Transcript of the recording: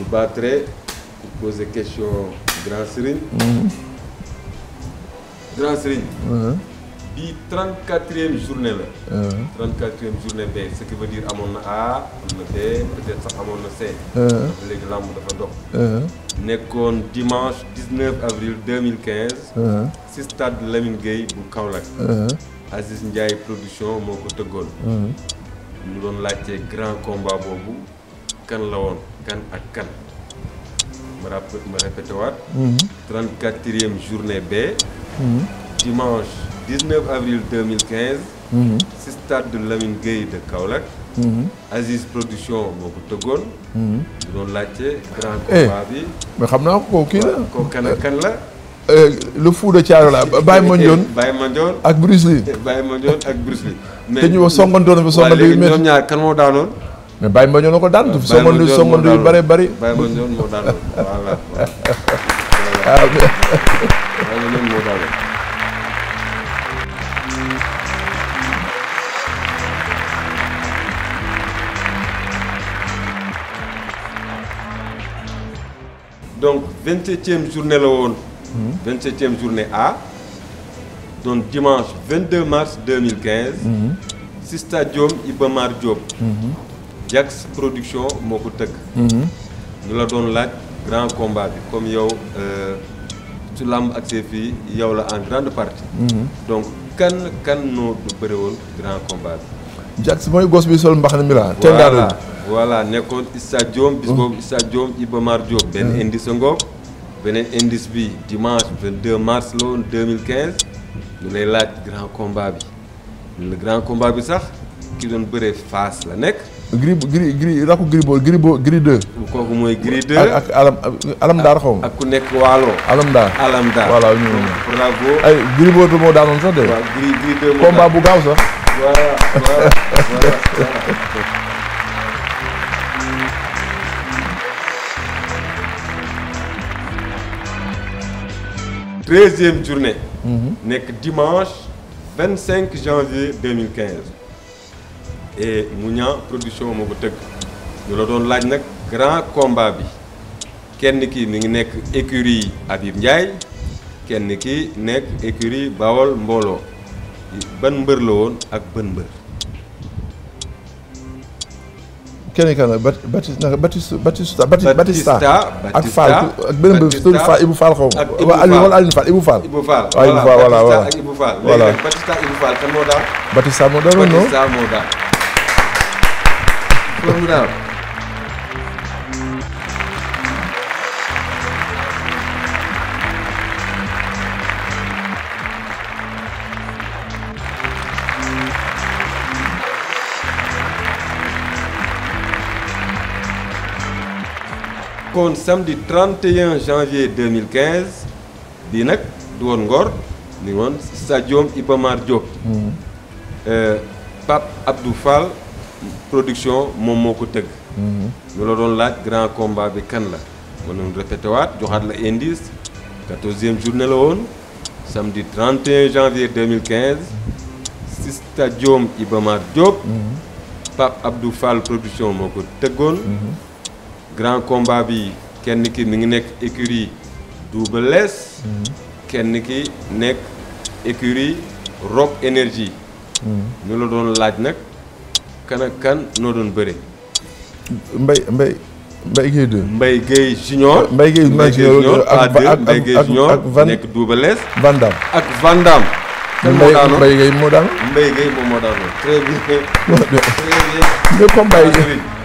ñu baatare ku poser question grand Serigne. Mm-hmm. grand Serigne. Mm-hmm. bii trente quatrième journée la. Mm-hmm. trente quatrième journée B ce qui veut dire amoon na A am na B peut-être sax amoon na C. dafa léegi làmb dafa dox. nekkoon dimanche avril 2015. stade Lamine Gueye bu Kaolack. Aziz Ndiaye production moo ko tëggoon. ñu doon laajte grand combat boobu. kan la woon kan ak kan ma rappel ma répété waat. 34e mhm. journée B. Mhm. dimanche 19 avril 2015. Mhm. si stade de Lamine Gueye de Kaolack. Aziz production moo ko tëggoon. bu doon laajte grand eh, bi. mais xam naa ko kii la ko kan ak kan la. Eh, le fou de Thiaro la Baye eh, Mandione. Baye Mandione ak Bruce Lee. te ñu wax songandoo na fa songandoo yu métti ñoom ñaar kan moo daanoon. mais Baye Mbaño la ko daan. Baye Mbaño la ko daan yu bëree bëri. moo daan voilà. donc vingt septième journée la woon. Hmm. vingt septième journée A. donc dimanche 22 mars 2015. ci hmm. stadium Iba Mar Jax production moo ko tëgg. ñu mhm. la doon laaj grand combat bi comme yow su euh, làmb ak see fii yow la en grande partie. Mhm. donc kan kan noo bëre woon grand combat bi. Jax mooy gos bi sol mbaxana mi laa. voilà voilà nekkoon stade Diop. bis mhm. boobu stade Diop Iba Mar Diop. benn indice ngoog beneen indice mars la woon 2015 ñu lay laaj grand combat bi le grand combat bi sax ki doon bëree face la nekk. gris gris rakku gris boo gris boo gris 2. ak alam alam daar ak ku nekk waalo. alam daar alam daar voilà ñu ngi ay gris boo moo daanoon sax de. waaw gris gris 2 moo combat bu gaaw sax. voilà voilà voilà. treizième journée. Mm-hmm. nekk dimanche janvier et production moo ko tëgg ñu la doon laaj nag grand combat bi kenn ki mi ngi nekk écurie Habib Ndiaye kenn ki nekk écurie Bawol Mbooloo ban mbër la woon ak ban mbër. kenn kan la Batista Batista Batista ak Fall ak benn mbër bi tudd Fall Ibou Fall xaw Batista Batista Batista Batista moo daan. Formidable. Um. kon samedi 31 janvier 2015 nag du woon Ngor ni woon Stadium Iba Mar Diop. Hmm. Euh, Pape Abdou production moom moo ko tëgg. ñu mhm. la doon laaj grand combat bi kan la. ma doon répété waat joxaat la indice quatorzième journée la woon samedi 31 janvier 2015 si stadium Iba Mar Diop. Mhm. Pape production moo ko tëggoon. Mhm. grand combat bi kenn ki mi ngi nekk écurie Double Less. kenn ki nekk écurie Rock Énergie. ñu la doon laaj nag. kan ak kan noo doon bëre. mbay Mbaye mbay Guèye 2. Mbaye Guèye junior. Mbaye Guèye junior ak ak ak Van nekk Double Less. Van Damme ak Van Damme. kan moo daanoo Mbaye Guèye moo daan. Mbaye Guèye moom moo daanoo. très bien. très